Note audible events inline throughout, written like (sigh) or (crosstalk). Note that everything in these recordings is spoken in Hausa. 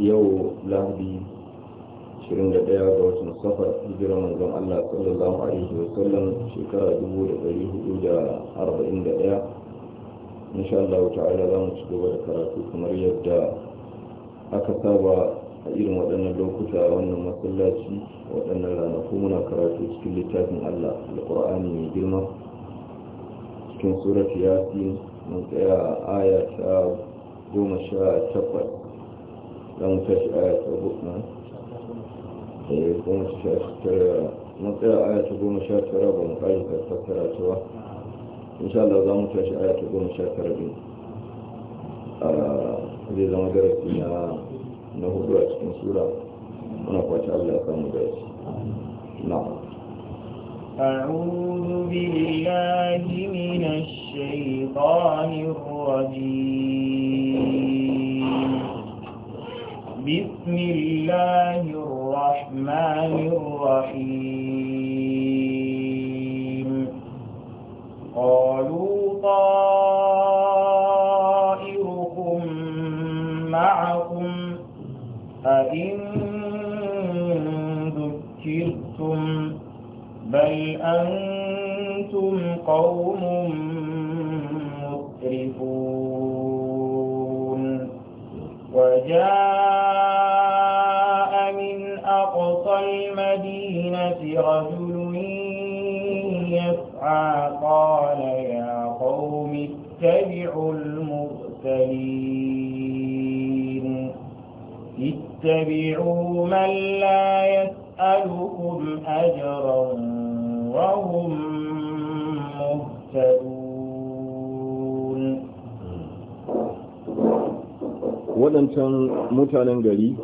yau lahadi 21 ga watan safar hijirar manzon Allah sallallahu alaihi wa sallam shekara 1441 insha Allah ta'ala za mu ci gaba da karatu kamar yadda aka saba a irin waɗannan lokuta wannan masallaci waɗannan ranaku muna karatu cikin littafin Allah alƙur'ani mai girma cikin surat yasin mun tsaya aya ta goma sha takwas لهم تسع آيات ربنا يكون شاكرا نطيع آيات يكون شاكرا ومقايدة تذكرا سوا إن شاء الله لهم تسع آيات يكون شاكرا بي zai zama darasi na hudu a cikin sura muna kwace Allah ya samu أعوذ بالله من الشيطان الرجيم بسم الله الرحمن الرحيم قالوا طائركم معكم أئن ذكرتم بل أنتم قوم مسرفون وجاءوا المدينة رجل يسعى قال يا قوم اتبعوا المرسلين اتبعوا من لا يسألكم أجرا وهم مهتدون waɗancan mutanen gari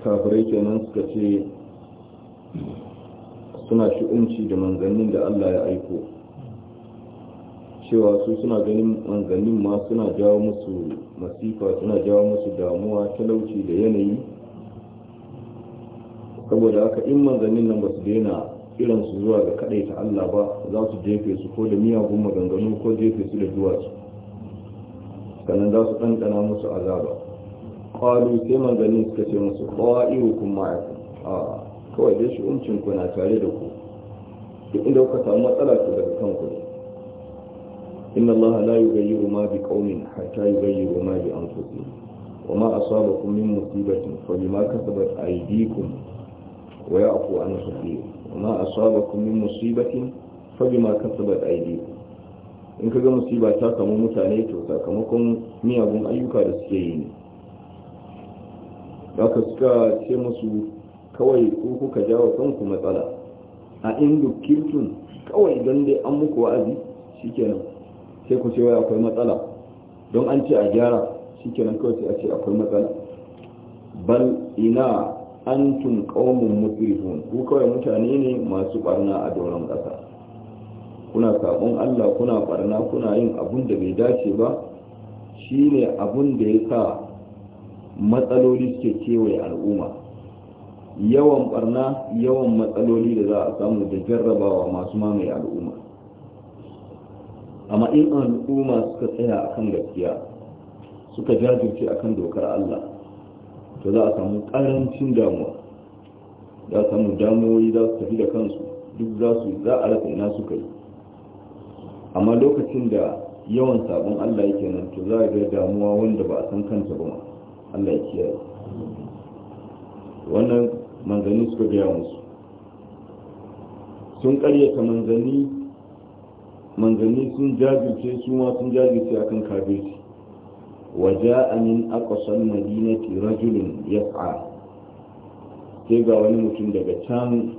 kafirai kenan suka ce suna shi'unci da manzannin da Allah ya aiko cewa su suna ganin manzannin ma suna jawo musu masifa suna jawo musu damuwa talauci da yanayi saboda haka in manzannin nan ba su daina irin su zuwa ga ta Allah ba za su jefe su ko da miyagun maganganu ko jefe su da duwatsu sannan za su ɗanɗana musu azaba ƙwalu sai manzannin suka ce musu ƙwa'iru kuma a ah. kawai dai shi umcinku na tare da ku duk inda kuka samu matsala ku daga kanku ne inna Allah la yughayyiru ma bi qaumin hatta yughayyiru ma bi anfusihim wa ma asabakum min musibatin fa bima kasabat aydikum wa ya'fu an kathir wa ma asabakum min musibatin fa bima kasabat aydikum in kaga musiba ta samu mutane to sakamakon miyagun ayyuka da suke yi ne da suka ce musu kawai ku kuka jawo kanku matsala a inda kirtun kawai don dai an muku wa'azi shikenan sai ku ce wai akwai matsala don an ce a gyara shikenan kawai sai a ce akwai matsala bal ina tun qaumun musrifun ku kawai mutane ne masu barna a doron ƙasa kuna sabon Allah kuna barna kuna yin abun da bai dace ba shine abun da ya sa matsaloli suke kewaye al'umma yawan barna yawan matsaloli da za a samu da jarrabawa masu mamaye al'umma amma in al'umma suka tsaya a kan gaskiya suka jajirce a kan dokar Allah to za a samu karancin damuwa za a samu damuwoyi za su tafi da kansu duk za su za a rasa ina suka yi amma lokacin da yawan sabon Allah yake nan to za a ga damuwa wanda ba a san kansa ba Allah ya kiyaye wannan manzanni suka gaya musu sun karyata manzanni manzanni sun jajirce su ma sun jajirce akan kafirci وجاء من أقصى ya fa sai ga wani mutum daga can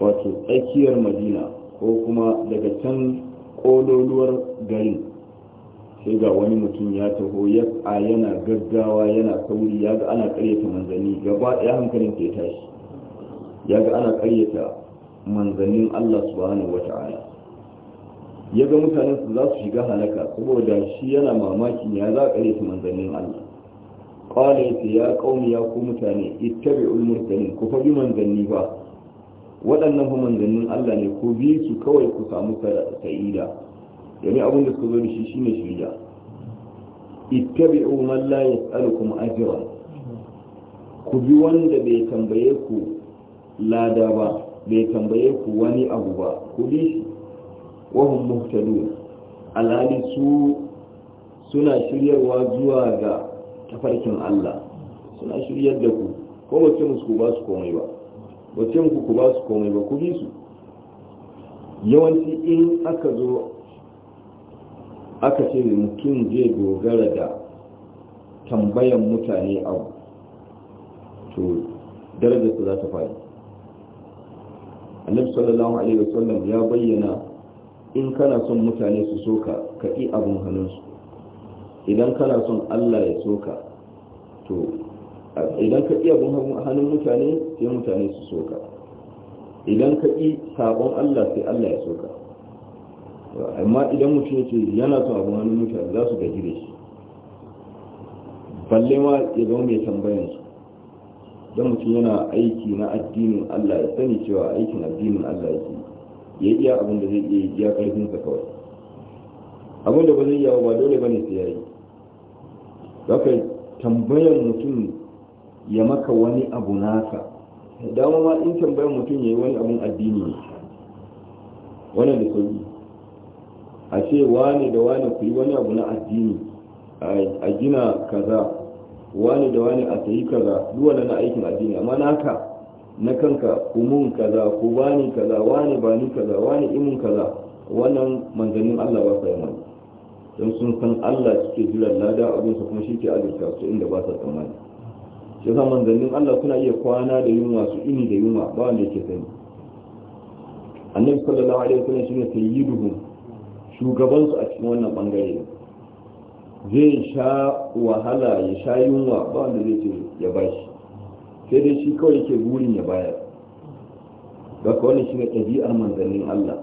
wato tsakiyar madina ko kuma daga can kololuwar garin sai ga wani mutum ya taho ya a yana gaggawa yana sauri ya ga ana karyata manzanni gaba ɗaya hankalin ke tashi ya ga ana karyata manzannin Allah subhanahu ta'ala ya ga mutanen su za su shiga halaka saboda shi yana mamakin ya za a karyata manzannin Allah ta ya qaumi ya ku mutane ittabi'ul mursalin ku fa manzanni ba waɗannan fa manzannin Allah ne ku bi su kawai ku samu sa'ida yani abin da suka zo da shi shine shirya ittabi'u man la yas'alukum ajra ku bi wanda bai tambaye ku lada ba bai tambaye ku wani abu ba ku bi shi wa hum muhtadun alhali su suna shiryarwa zuwa ga tafarkin Allah suna shiryar da ku ko ba ce musu ku ba su komai ba ba ce ku ba su komai ba ku bi su yawanci in aka zo aka ce mutum zai dogara da tambayan mutane abu to darajar su za ta faɗi annabi sallallahu alaihi wasallam ya bayyana in kana son mutane su soka ka yi abun hannunsu idan kana son Allah ya soka to idan ka yi abun hannun mutane sai mutane su soka idan ka yi sabon Allah sai Allah ya soka amma idan mutum ce yana so abu wani mutane za su gaji da shi balle ma ya zama mai tambayan su don mutum yana aiki na addinin Allah ya sani cewa aikin addinin Allah ce ya iya abin da zai iya ya karfin sa kawai abin da ba zai iya ba dole bane sai yayi zaka tambayan mutum ya maka wani abu naka dama ma in tambayan mutum ya yi wani abin addini ne wannan da sauki a ce wane da wane ku yi wani abu na addini a gina kaza wane da wane a sayi kaza duwana na aikin addini amma naka na kanka kumun kaza ku bani kaza wane bani kaza wane imun kaza wannan manzannin Allah ba sa yi don sun san Allah suke jiran lada abin su kuma shike azurta su inda ba sa tsammani shi yasa manzannin Allah kuna iya kwana da yunwa su ini da yunwa ba wanda yake sani annabi sallallahu alaihi wasallam shine sayyiduhum shugabansu a cikin wannan bangare zai sha wahala ya sha yunwa ba wanda zai ce ya bashi sai dai shi kawai yake burin ya bayar ba ka wannan shine ɗabi'ar manzannin Allah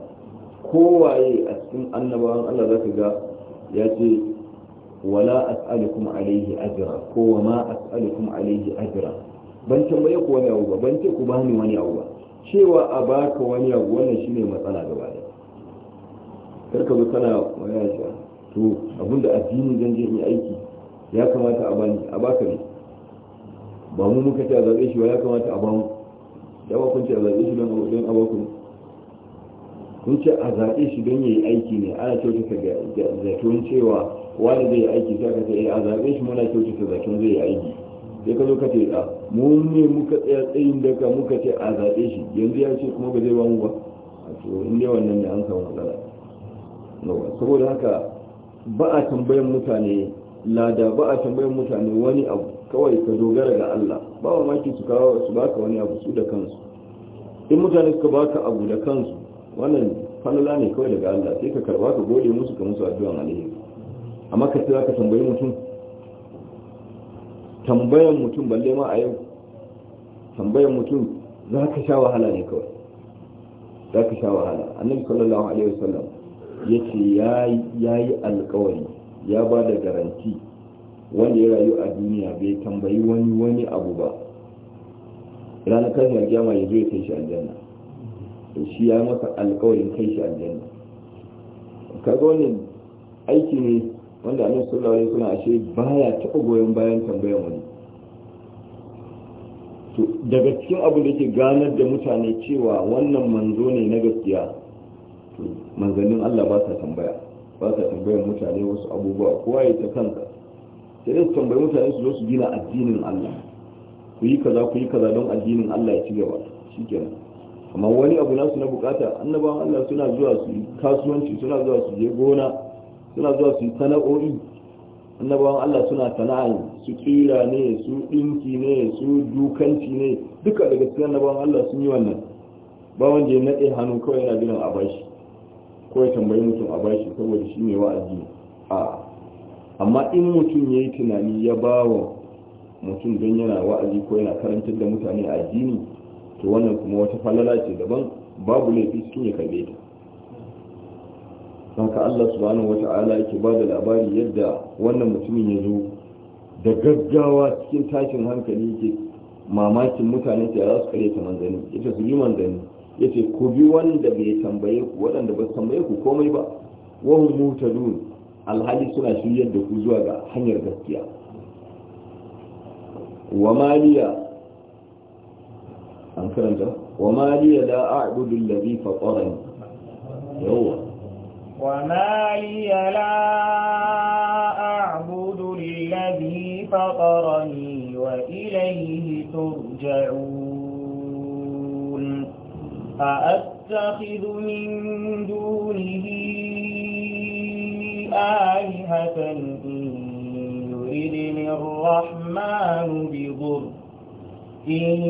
kowaye a cikin annabawan Allah za ka ga ya ce wala as'alukum alaihi ajra ko wa ma as'alukum alaihi ajra ban tambaye ku wani abu ba ban ce ku bani wani abu ba cewa a baka wani abu wannan shine matsala gaba ɗaya karka zo kana magana shi to abinda addini zan je in aiki ya kamata a bani a baka ne ba mu muka ce a zaɓe shi ba ya kamata a bamu ya ba kun ce a zaɓe shi don abokan abokan kun ce a zaɓe shi don ya yi aiki ne ana kyautata zaton cewa wani zai yi aiki sai ka ce eh, a zaɓe shi muna kyautata zaton zai yi aiki sai ka zo ka ce a ah, mu ne muka tsaya tsayin daga muka ce a zaɓe shi yanzu ya ce kuma ba zai ba mu ba a to in dai wannan ne an samu matsala saboda haka ba a tambayan mutane lada ba a tambayan mutane wani abu kawai ka dogara ga Allah ba wa maki su kawo su baka wani abu su da kansu in mutane suka baka abu da kansu wannan falala ne kawai daga Allah sai ka karba ka gode musu ka musu addu'an alheri amma ka tsaya ka tambayi mutum tambayan mutum balle ma a yau tambayan mutum za ka sha wahala ne kawai za ka sha wahala annabi sallallahu alaihi wasallam ya ce ya yi alkawari ya ba da garanti wanda ya rayu a duniya bai tambayi wani wani abu ba ranar kalmar gyama ya zo ya kai shi aljanna shi ya masa alkawarin kai shi aljanna kaga wani aiki ne wanda nan sallallahu alaihi suna ashe baya taɓa goyon bayan tambayan wani daga cikin abin da ke ganar da mutane cewa wannan manzo ne na gaskiya manzannin Allah ba sa tambaya ba sa tambayar mutane wasu abubuwa kowa ya ta kanka sai dai su tambayi mutane su zo su gina addinin Allah ku yi kaza ku yi kaza don addinin Allah ya ci gaba nan, amma wani abu nasu na bukata annabawan Allah suna zuwa su yi kasuwanci suna zuwa su je gona suna zuwa su yi sana'o'i annabawan Allah suna sana'a su kira ne su dinki ne su dukanci ne duka daga cikin annabawan Allah sun yi wannan ba wanda ya nade hannu kawai yana gina a bashi ko ya tambayi mutum a bashi saboda shi ne wa'azi a amma in mutum ya yi tunani ya ba wa mutum don yana wa'azi ko yana karantar da mutane a addini to wannan kuma wata falala ce daban babu laifi cikin ya karbe ta haka Allah subhanahu wata'ala yake ba da labari yadda wannan mutumin ya zo da gaggawa cikin tashin hankali ke mamakin mutane ta za su kare ta manzani ita su yi manzani yace ku bi wanda bai tambaye ku waɗanda ba tambaye ku komai ba wahum mutadun alhali suna shiryar da ku zuwa ga hanyar gaskiya wa maliya an karanta wa maliya da a'budu allazi fatarani yawa wa maliya la a'budu allazi fatarani wa ilayhi turja'un أأتخذ من دونه آلهة إن يردني الرحمن بضر إن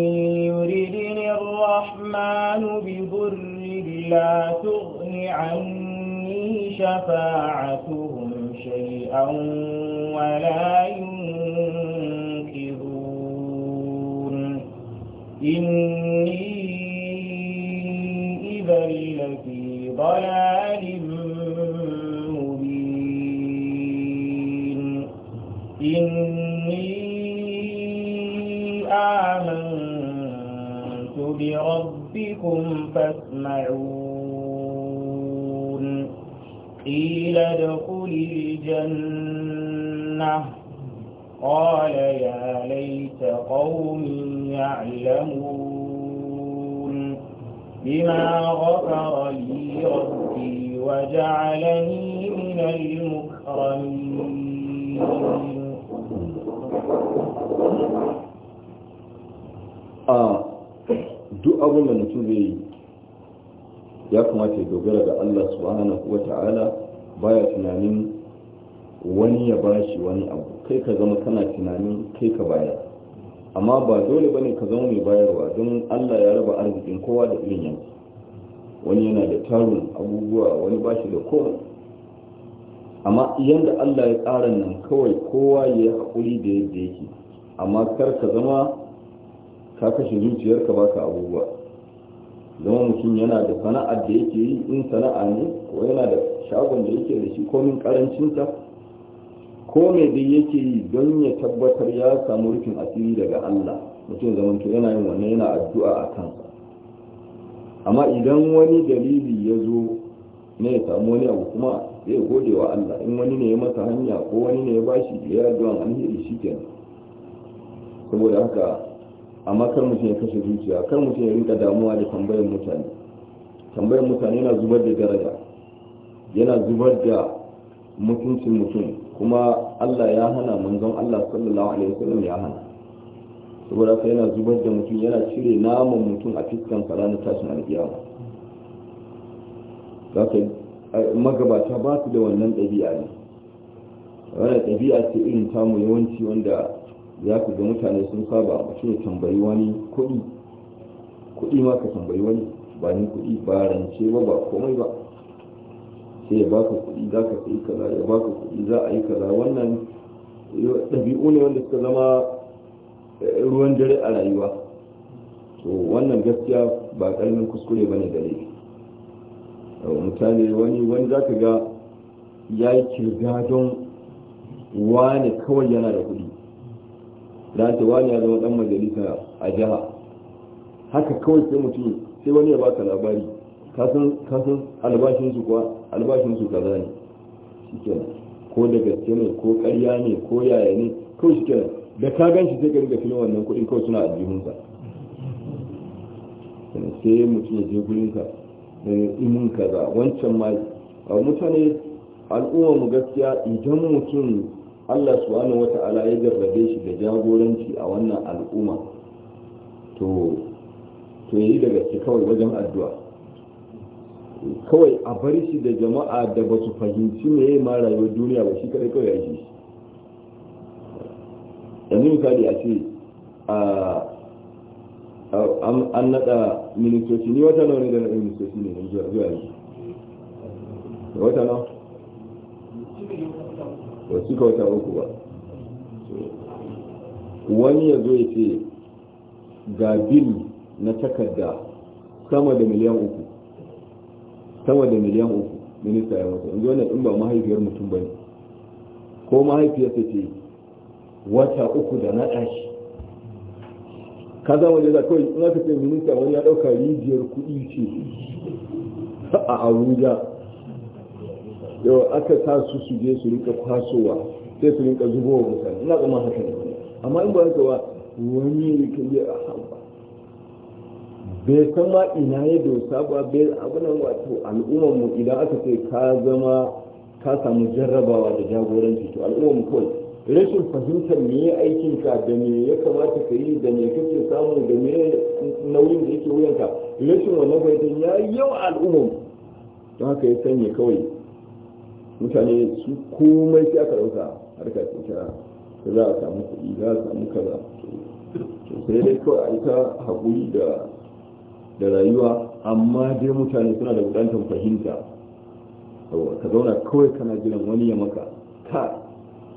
يردني الرحمن بضر لا تغن عني شفاعتهم شيئا ولا ينكرون إني الربا لفي ضلال مبين إني آمنت بربكم فاسمعون قيل ادخل الجنة قال يا ليت قومي يعلمون بما غفر لي ربي وجعلني من المكرمين duk abin da mutum zai yi ya kamata ya dogara ga Allah subhanahu wa ta'ala baya tunanin wani ya bashi wani abu kai ka zama kana tunanin kai ka bayar amma ba dole bane ka zama mai bayarwa don Allah ya raba arzikin kowa da irin yanzu wani yana da tarin abubuwa wani ba shi da kowa amma yadda Allah ya tsara nan kawai kowa ya yi haƙuri da yadda yake amma kar ka zama ka kashe zuciyarka baka abubuwa zama mutum yana da sana'ar da yake yi in sana'a ne ko yana da shagon da yake da shi komin karancinta ko me dai yake yi don ya tabbatar ya samu rufin asiri daga Allah mutum zamanto yana yin wannan yana addu'a a amma idan wani dalili ya zo ne ya samu wani abu kuma zai gode wa Allah in wani ne ya masa hanya ko wani ne ya bashi ya yi addu'an alheri shi kenan saboda haka amma kar mutum ya kashe zuciya kar mutum ya rinka damuwa da tambayar mutane tambayar mutane yana zubar da daraja yana zubar da mutuncin mutum kuma Allah ya hana manzon Allah sallallahu alaihi wasallam ya hana saboda kai yana zubar da mutum yana cire naman mutum a fiskan ranar tashin alƙiyama zaka magabata ba su da wannan ɗabi'a ne wannan ɗabi'a ce irin tamu yawanci wanda za ku ga mutane sun saba mutum ya tambayi wani kuɗi kuɗi ma ka tambayi wani ba ni kuɗi ba rance ba ba komai ba sai ya baka kuɗi za ka sai kaza ya baka kuɗi za a yi kaza wannan ɗabi'u ne wanda suka zama eh, ruwan dare a rayuwa to wannan gaskiya ba ƙaramin kuskure ba ne da laifi mutane wani wani za ka ga ya yi kirga don wane kawai yana da kuɗi da ta wani ya zama ɗan majalisa a jiha haka kawai sai mutum sai wani ya baka labari kasan albashinsu kuwa albashinsu kaza ne shikenan ko da gaske ne ko ƙarya ne ko yaya ne kawai shikenan da ka gan shi sai ka riga filin wannan kuɗin kawai suna aljihunsa sai mutum ya je gurinka imin kaza wancan ma mutane al'ummar mu gaskiya idan mutum Allah subhanahu ta'ala ya jarrabe shi da jagoranci a wannan al'umma to to yi da gaske kawai wajen addu'a kawai a bar shi da jama'a da ba su fahimci me ma rayuwar duniya ba shi kadai kawai ya shi yanzu misali a ce an naɗa ministoci ni wata nawa ne da naɗa ministoci ne a zuwa yi wata nawa ba su ka wata uku ba wani ya zo ya ce ga bil na takarda sama da miliyan uku sama da miliyan uku minista ya mutu yanzu wannan in ba mahaifiyar mutum ba ne ko ta ce wata uku da naɗa shi ka za wani za kawai in aka ce minista wani ya ɗauka rijiyar kuɗi ce (laughs) a abuja yau aka sa su su je su rinka kwasowa sai su rinka zubowa mutane ina zama haka ne amma in ba haka wa wani rikin ya a bai kama ina ya dosa ba bai abunan wato al'ummar mu idan aka ce ka zama ka samu jarrabawa da jagoranci to al'ummar mu kawai rashin fahimtar me ya aikin ka da me ya kamata ka yi da me kake samu da me nauyin da yake wuyanka rashin wannan fahimtar ya yi yawa al'ummar mu don haka ya sanya kawai mutane su komai sai aka dauka harka ta za a samu kuɗi za a samu kaza sai dai kawai a ita haƙuri da da rayuwa amma dai mutane suna da buɗantar fahimta ka zauna kawai kana jiran wani ya maka ka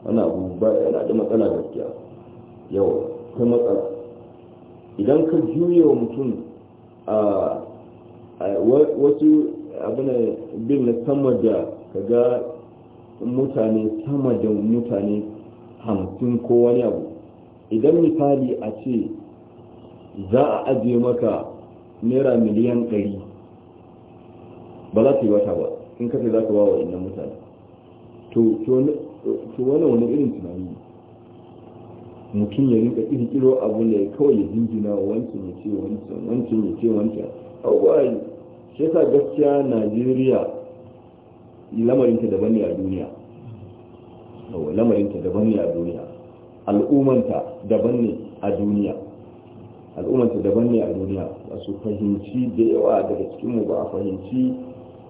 ana abu ba yana da matsala gaskiya yawa ta matsala idan ka juye wa mutum a wasu abin bin na sama da ka ga mutane sama da mutane hamsin ko wani abu idan misali a ce za a ajiye maka naira miliyan 100 ba za ta yi wata ba in kace za ka ba wa inda mutane to wani wani irin tunani mutum ya rinka kirkiro abu ne kawai ya jinjina wancan ya ce wancan wancan ya ce wancan abubuwa shi yasa gaskiya najeriya lamarinta daban ne a duniya lamarinta daban ne a duniya al'ummanta daban ne a duniya al'ummarsa daban ne a duniya ba fahimci da yawa daga cikinmu ba a fahimci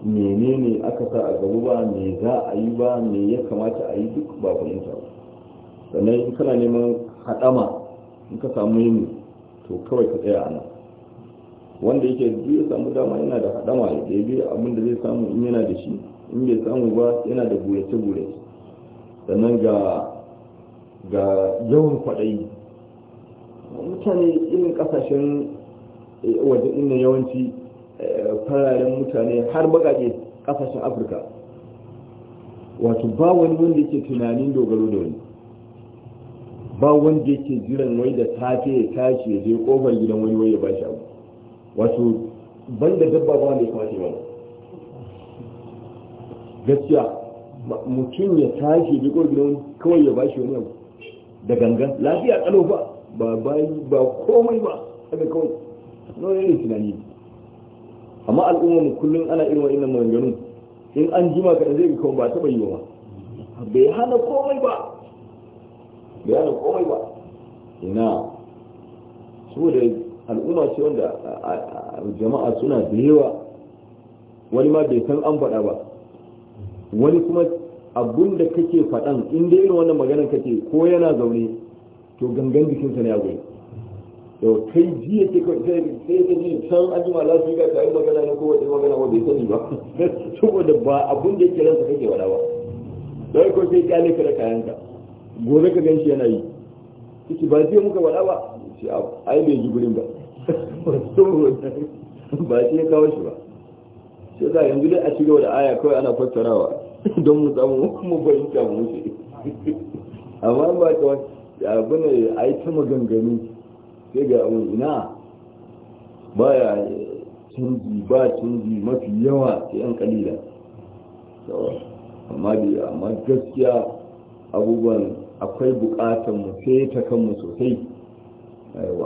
menene aka sa a gaba ba me za a yi ba me ya kamata a yi duk ba fahimta ba sannan in kana neman haɗama in ka samu yin to kawai ka tsaya a nan wanda yake duk ya samu dama yana da haɗama ya ɗebe abin da zai samu in yana da shi in bai samu ba yana da gurace-gurace sannan ga ga yawan kwaɗayi mutane irin kasashen eh, waje inda yawanci eh, fararen mutane har bakaƙe kasashen afirka wato ba wani wanda yake tunanin dogaro da wani ba wanda yake jiran wai da safe ya tashi ya je kofar gidan wani wai ya shi abu wato ban da dabba ba wanda ya kwace ba gaskiya mutum ya tashi ya je kofar gidan wani kawai ya bashi wani abu da gangan lafiya kalau ba ba bayi ba komai ba haka kawai nauyi ne tunani amma al'umma mu kullum ana irin wa'innan maganganu. in an jima kaɗan zai kawai ba taɓa yi ba bai hana komai ba bai hana komai ba ina da al'umma ce wanda jama'a suna da yawa wani ma bai san an faɗa ba wani kuma abun da kake faɗan inda irin wannan maganar kake ko yana zaune to gangan sa ne a to yau kai jiya ke kawai sai ta ji can an jima za su yi gasa yin magana na kowace magana ko bai sani ba (laughs) saboda ba abun da yake ransa kake wada ba don ko sai kyale ka da ka. gobe ka ganshi yana yi kiki ba jiya muka wada ba shi ai bai ji gurin ba (laughs) ba shi ya kawo shi ba sai za yanzu dai a ci gaba da aya kawai ana fassarawa (laughs) don mu samu mu bayyana mu wuce amma ba ta wani da abu ne a yi ta maganganu sai ga abin ina ba ya canji ba canji mafi yawa ta yan kalila amma da amma gaskiya abubuwan akwai bukatar mu sai ta kanmu sosai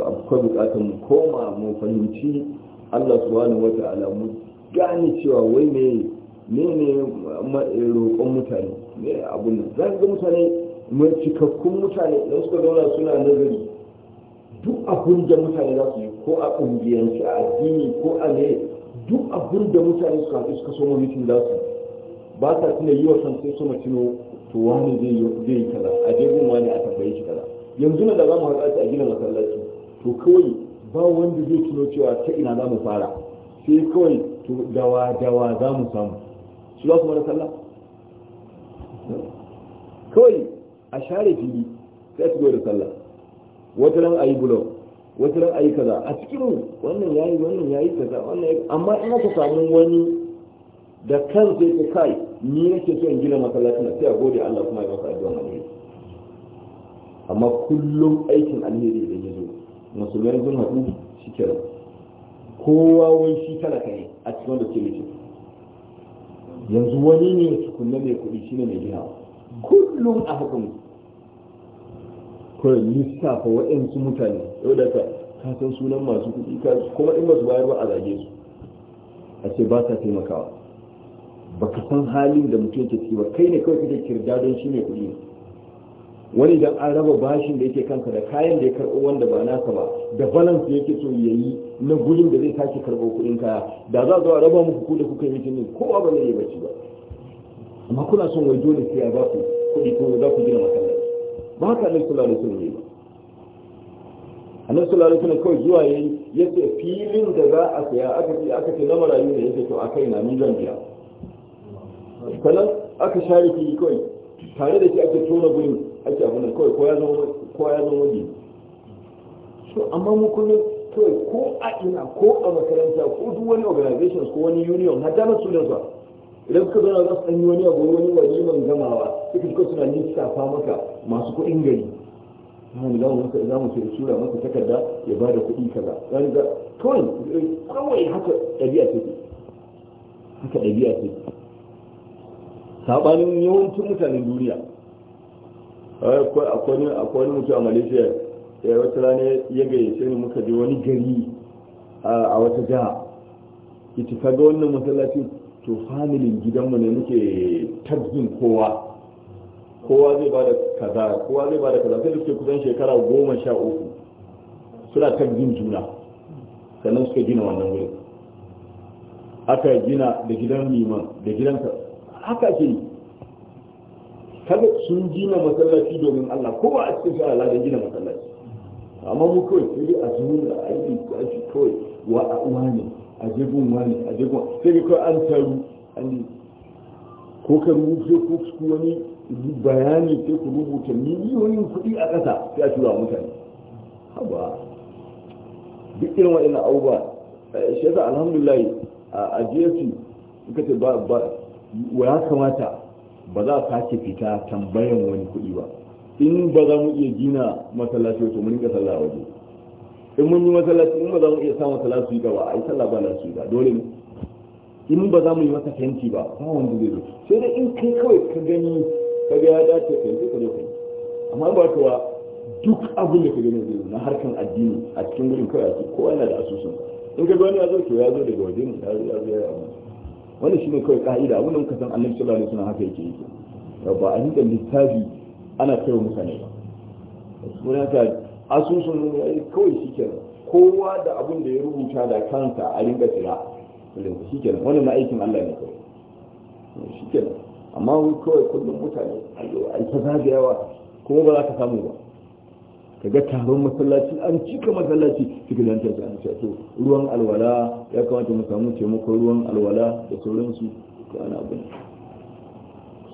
akwai bukatar mu koma mu fahimci Allah subhanahu wata mu gane cewa wai ne ne ne roƙon mutane ne abin da zan ga mutane mai cikakkun mutane da suka zauna suna nazari duk abin da mutane za su yi ko a ƙungiyarci a addini ko a ne duk abin da mutane suka haɗu suka so mutum za su ba sa tuna yi wa san sai so mutum to wani zai yi kaza a jirgin wani a tambaye shi kaza yanzu na da za mu haɗa a gina masallaci to kawai ba wanda zai tuno cewa ta ina za mu fara sai kawai to dawa dawa za mu samu su za su mara sallah kawai a share fili sai su da sallah wata ran a yi bulo wata ran a yi kaza a cikin wannan ya yi wannan ya yi kaza wannan amma ina ka samu wani da kan sai ka kai ni nake son in gina masallacin sai a gode Allah kuma ya masa addu'a alheri amma kullum aikin alheri da ya zo musulmai sun haɗu shi nan kowa wani shi talaka ne a cikin da ke mutum yanzu wani ne su kunna mai kuɗi shi ne mai gina kullum a haka kawai lissafa waɗansu mutane yau da ka san sunan masu kuɗi kuma in masu bayar ba a zage su a ce ba sa taimakawa ba ka san halin da mutum yake ciki ba kai ne kawai kake kirga don shi ne kuɗi wani idan an raba bashin da yake kanka da kayan da ya karɓo wanda ba naka ba da balance yake so ya yi na gudun da zai sake karɓo kuɗin kaya da za a raba muku ku kuka yi mutum kowa ba zai yi bacci ba amma kuna son wai dole sai a ba ku kuɗi ko za ku gina masallaci ba haka annabi sallallahu alaihi wasallam yayi annabi sallallahu alaihi kawai zuwa yayi yace filin da za a saya aka ce aka ce na marayu ne ce to akai na ni zan biya sannan aka share fili kawai tare da shi ake tona gurin ake abin kawai ko ya zama ko waje so amma mu kullum kawai ko a ina ko a makaranta ko duk wani organizations ko wani union har da na sunan idan suka zauna za su ɗanyi wani abu wani man gamawa suka suka suna lissafa maka masu kuɗin gari wani za mu sai shura maka takarda ya ba da kuɗi kaza wani ga kawai kawai haka ɗabi'a ce haka ɗabi'a ce saɓanin yawancin mutanen duniya akwai wani mutu a malaysia ya wata rana ya gayyace ni muka je wani gari a wata jiha ita ci kaga wannan masallaci to familin gidanmu ne muke tabbin kowa kowa zai ba da kaza kowa zai ba da kaza sai da suke kusan shekara goma sha uku suna tabbin juna sannan suka gina wannan wurin aka gina da gidan liman da gidan ka haka ke yi kaga sun gina masallaci domin Allah kowa a cikin sha'ala da gina masallaci amma mu kawai sai dai a zuwa a yi kawai uwa ne a jibin wani a sai ko an taru an ko ka rubuce ko ku wani bayani sai ku rubuta miliyoyin kuɗi a ƙasa sai a tura mutane haba duk irin wa'in abubuwa eh, shi yasa alhamdulillah a gsc suka ce ba wa ya kamata ba za a sake fita tambayan wani kuɗi ba in ba za mu iya gina masallaci wato mun rinka sallah waje in mun yi masallaci in ba za mu iya sa masa lasu ba a yi sallah ba lasu ba dole ne in ba za mu yi masa fenti ba ba wanda zai zo sai dai in kai kawai ka gani ka ga ya dace ka yi ka zo amma ba ta wa duk abin da ka gani zai zo na harkan addini a cikin gurin kawai a kowa yana da asusun in ka gani ya zo to ya zo daga waje mu ya zo ya zo ya yi wannan shine kawai ka'ida abin da muka san annabi sallallahu alaihi wasallam haka yake yake ba a yi da littafi ana kai mutane ba saboda asusun kawai shi kenan kowa da abin da ya rubuta da kansa a rinka tsira shi kenan wani na aikin Allah ne kawai shi kenan amma wani kawai kullum mutane a yi ta zagayawa kuma ba za ka samu ba ka ga taron masallaci an cika masallaci cikin lantarki an an to ruwan alwala ya kamata mu samu taimakon ruwan alwala da sauransu ko ana abin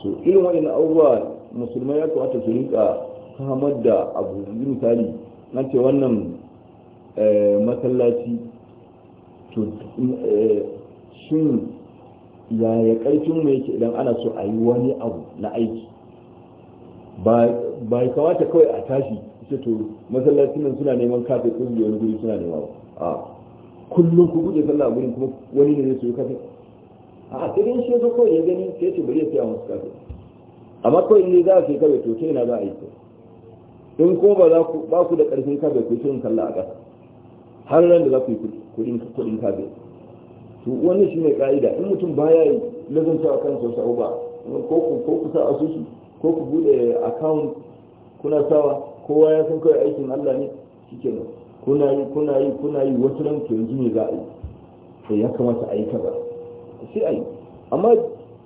so irin waɗannan abubuwa musulmai ya kamata su rinka samar da abu yi misali na ce wannan eh, masallaci to eh, shin yaya karfin mu yake idan ana so a yi wani abu na aiki ba ya kamata kawai a tashi ce to masallacin nan suna neman kafin kudu da wani guri suna neman ba a kullum ku guje sallah a gurin kuma wani ne zai so kafin a cikin dai shi zo kawai ya gani sai ce bari ya siya musu kafin amma kawai ne za a ce kawai to sai na za a yi kawai don ko ba za ku ba ku da ƙarfin kabe ku shirin kalla a ƙasa har ran da za ku yi kuɗin kuɗin kabe to wannan shine ka'ida in mutum baya yi lazanta akan sosai ba ko ku ko ku sa asusu ko ku bude account kuna sawa kowa ya san kawai aikin Allah ne shike nan kuna yi kuna yi kuna yi wasu ran ke yanzu ne za a yi to ya kamata a yi ta ba sai a amma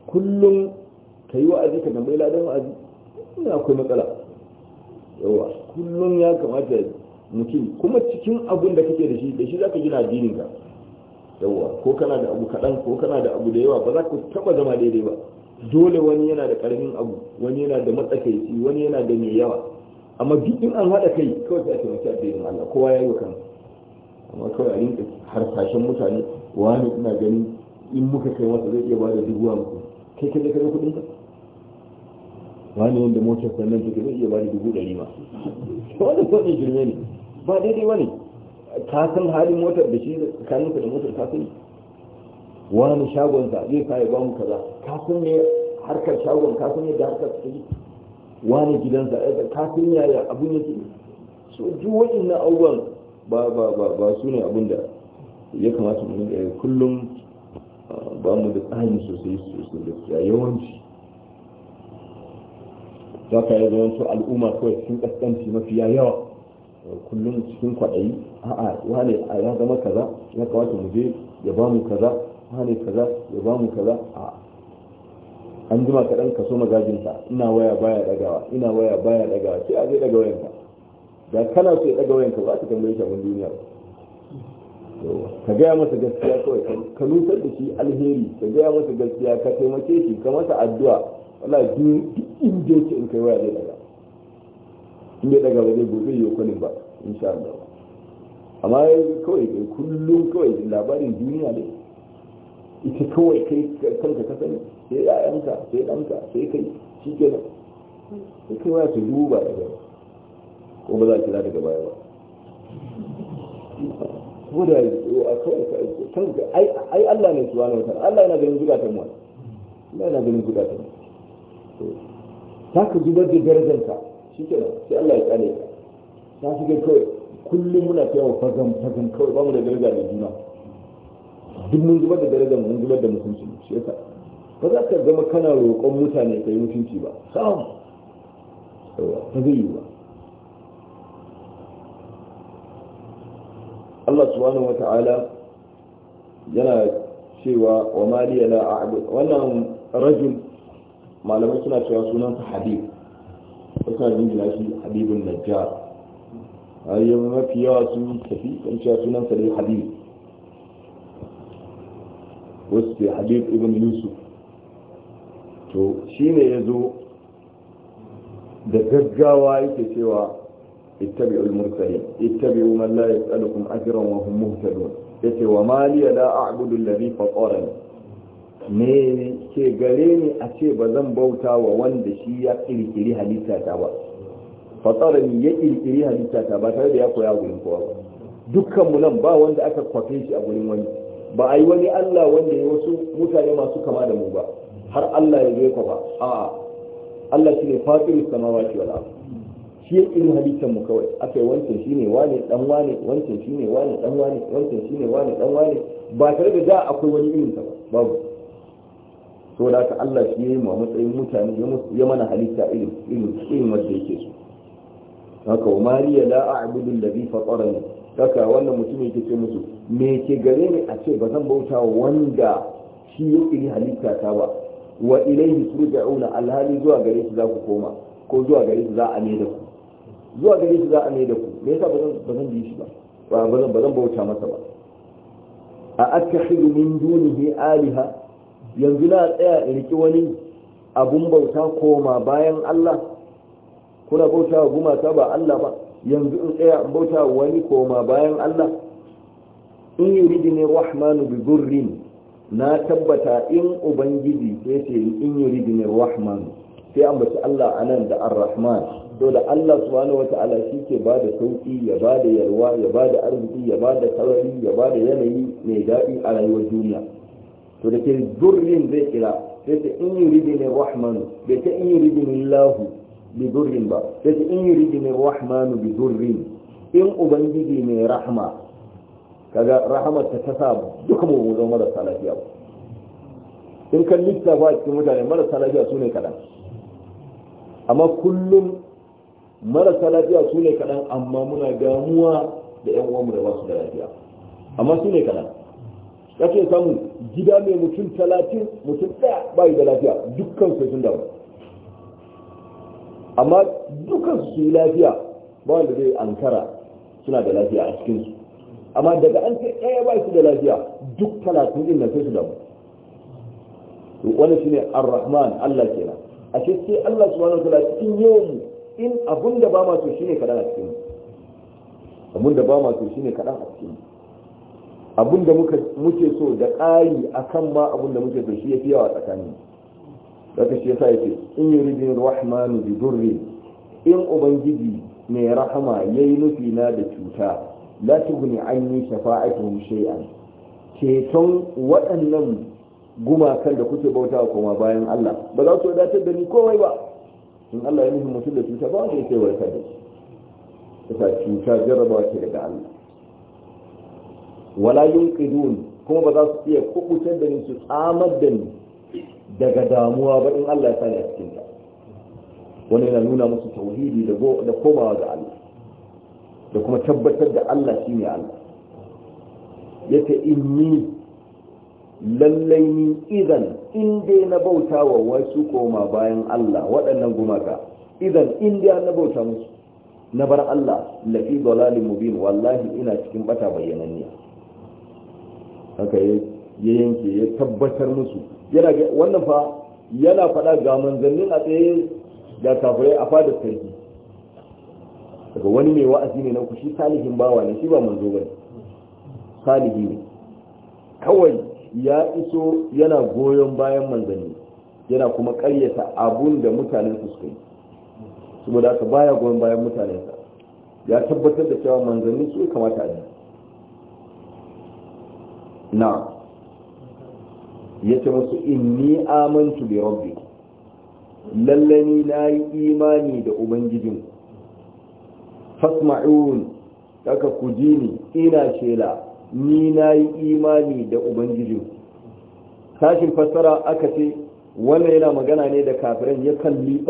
kullum ka yi wa'azi ka mai ladan wa'azi ina akwai matsala yawa kullum ya kamata mutum kuma cikin abun da kake da shi da shi za ka gina addinin ka yawa ko kana da abu kaɗan ko kana da abu da yawa ba za ku taɓa zama daidai ba dole wani yana da ƙaramin abu wani yana da matsakaici wani yana da mai yawa amma duk in an haɗa kai kawai sai a taimaki addinin Allah kowa ya yi kan amma kawai a rinka harsashen mutane wani ina ganin in muka kai masa zai iya bada dubuwa mutum kai ka je ka kuɗin ka wani wanda motar sannan duka zai iya bari dubu ɗari ma wani kwanne girme ne ba daidai wani ka san halin motar da shi kanin da motar ka sani wani shagonsa zai sa ya ba mu kaza ka san ne harkar shagon ka san yadda harkar su yi? wani gidansa ya eh, san yaya abun yake so duk na abubuwan ba ba ba ba su ne abin da ya kamata mu dinga kullum ah, ba mu da tsari sosai sosai da yawanci za ka yi zamanto al'umma kawai sun kaskanci mafi yawa kullum cikin kwaɗayi a'a wane a ya zama kaza ya kawata mu je ya bamu kaza wane kaza ya bamu kaza a an jima kaɗan ka so magajinsa ina waya baya ɗagawa ina waya baya ɗagawa sai a zai ɗaga wayanka da kana so ya ɗaga wayanka ba ka tambaye shi abin duniya ka gaya masa gaskiya kawai ka nusar da shi alheri ka gaya masa gaskiya ka taimake shi ka masa addu'a wala duk inda yake in kai waya zai daga in bai daga ba zai gobe yi kwanin ba insha Allah amma kawai kai kullum kawai labarin duniya ne ita kawai kai kanka ka sani sai ƴaƴanka sai ɗanka sai kai shi ke nan sai kai waya su duba daga ko ba za ki kira daga baya ba ko a kawai kanka ai Allah ne subhanahu wa ta'ala Allah yana ganin zukatan mu Allah yana ganin zukatan mu ta ka zubar da darajarka shi ke sai Allah ya tsare ka ta ga kawai kullum muna ta yawan fagan fagan kawai ba mu da daraja da juna duk mun zubar da darajar mun zubar da mutunci shi yasa ba za ka zama kana roƙon mutane ka yi mutunci ba sam ba zai yi ba Allah subhanahu wa ta'ala yana cewa wa maliya la a'budu wannan rajul malamai suna cewa sunansa habib suka yi jingina shi habibun najjar a yi mafi yawa sun tafi kan cewa sunansa dai habib wasu ce habib ibn yusuf to shi ne ya zo da gaggawa yake cewa ittabi'ul mursalin ittabi'u man la yas'alukum ajran wa hum muhtadun ce wa maliya li la a'budu alladhi fatarani ne ke gare ni a ce ba zan bauta wa wanda shi ya kirkiri halitta ta ba fatsara ni ya kirkiri halitta ta ba tare da ya koya gurin kowa ba dukkan mu nan ba wanda aka kwafe shi a gurin wani ba a yi wani Allah wanda ya wasu mutane masu kama da mu ba har Allah ya zo kwafa a Allah shi ne fatiru samawati wal wala shi ya kirkiri halittar mu kawai aka yi wancan ne wane dan wane wancan shine wane dan wane wancan ne wane dan wane ba tare da za akwai wani irin ta ba babu so da ka Allah shi yayi mu matsayin mutane ya mana halitta irin irin irin wanda yake su haka wa maliya la a'budu alladhi fatarani haka wannan mutum yake ce musu me ke gare ni a ce ba zan bauta wanda shi ya kiri halitta ta ba wa ilaihi turja'una alhali zuwa gare shi za ku koma ko zuwa gare shi za a ne da ku zuwa gare shi za a ne da ku me yasa ba zan bi shi ba ba zan bauta masa ba a aka min dunihi aliha yanzu na tsaya in riki wani abun bauta koma bayan Allah kuna bauta wa gumata ba Allah ba yanzu in tsaya in bauta wa wani koma bayan Allah in yi ne rahmanu bi gurrin na tabbata in ubangiji sai ce in yi ne rahmanu sai ambaci Allah anan da ar-rahman to da Allah subhanahu wata'ala shi ke ba da sauki ya ba da yalwa ya ba da arziki ya ba da sarari ya ba da yanayi mai daɗi a rayuwar duniya to da ke durrin zai kira sai ta in yi ridi ne rahmanu bai ta in yi ridi ne lahu bi durrin ba sai ta in yi ridi ne rahmanu bi durrin in ubangiji ne rahma kaga rahamar ta ta sa duka mu zama marasa lafiya in kan lissafa a cikin mutane mara salafiya su ne kaɗan amma kullum mara salafiya su ne kaɗan amma muna damuwa da 'yan uwanmu da ba su da lafiya amma su ne kaɗan kake samu gida mai mutum talatin mutum ɗaya bayi da lafiya dukkan su sun damu amma dukkan su yi lafiya ba wanda zai ankara suna da lafiya a cikinsu amma daga an ce ɗaya ba su da lafiya duk talatin ɗin na sai su damu wani shine ar-rahman Allah na a ce sai Allah su wani ta'ala cikin mu in abun da ba ma so shine kadan a cikin abun da ba ma shi ne kadan a cikin abin muke so da ƙari a kan ma abin da muke so shi ya fi yawa tsakani daga shi yasa yake in yi rijin rahmanu bi durri in ubangiji mai rahama ya yi nufi na da cuta la tughni anni shafa'atuhum shay'an ceton waɗannan gumakan da kuke bauta koma bayan Allah ba za su wadatar da ni kowai ba in Allah ya nufi mutum da cuta ba wanda yake warkar da shi cuta jarrabawa ke daga Allah wala yunqidun kuma ba za su iya kubutar da ni su tsamar da ni daga damuwa ba in Allah ya sani a cikin ta wani yana nuna musu tauhidi da komawa ga Allah da kuma tabbatar da Allah ne Allah yace inni lallai ni idan inda na bauta wa wasu koma bayan Allah waɗannan gumaka idan in na bauta musu na bar Allah lafi mu mubin wallahi ina cikin bata bayyananniya haka ya yanke ya tabbatar musu yana wannan fa yana faɗa ga manzannin a tsaye ga kafirai a fadar sarki daga wani mai wa'azi ne na kushi shi salihin bawa ne shi ba manzo ba salihi ne kawai ya iso yana goyon bayan manzanni yana kuma karyata abun da mutanen su suka yi saboda haka baya goyon bayan mutanensa ya tabbatar da cewa manzanni su kamata a yi na yace musu inni amantu bi rabbi lalle ni nayi imani da ubangijin fasma'un kaka ku ina shela ni nayi imani da ubangijin tashin fassara aka ce wannan yana magana ne da kafiran ya kalli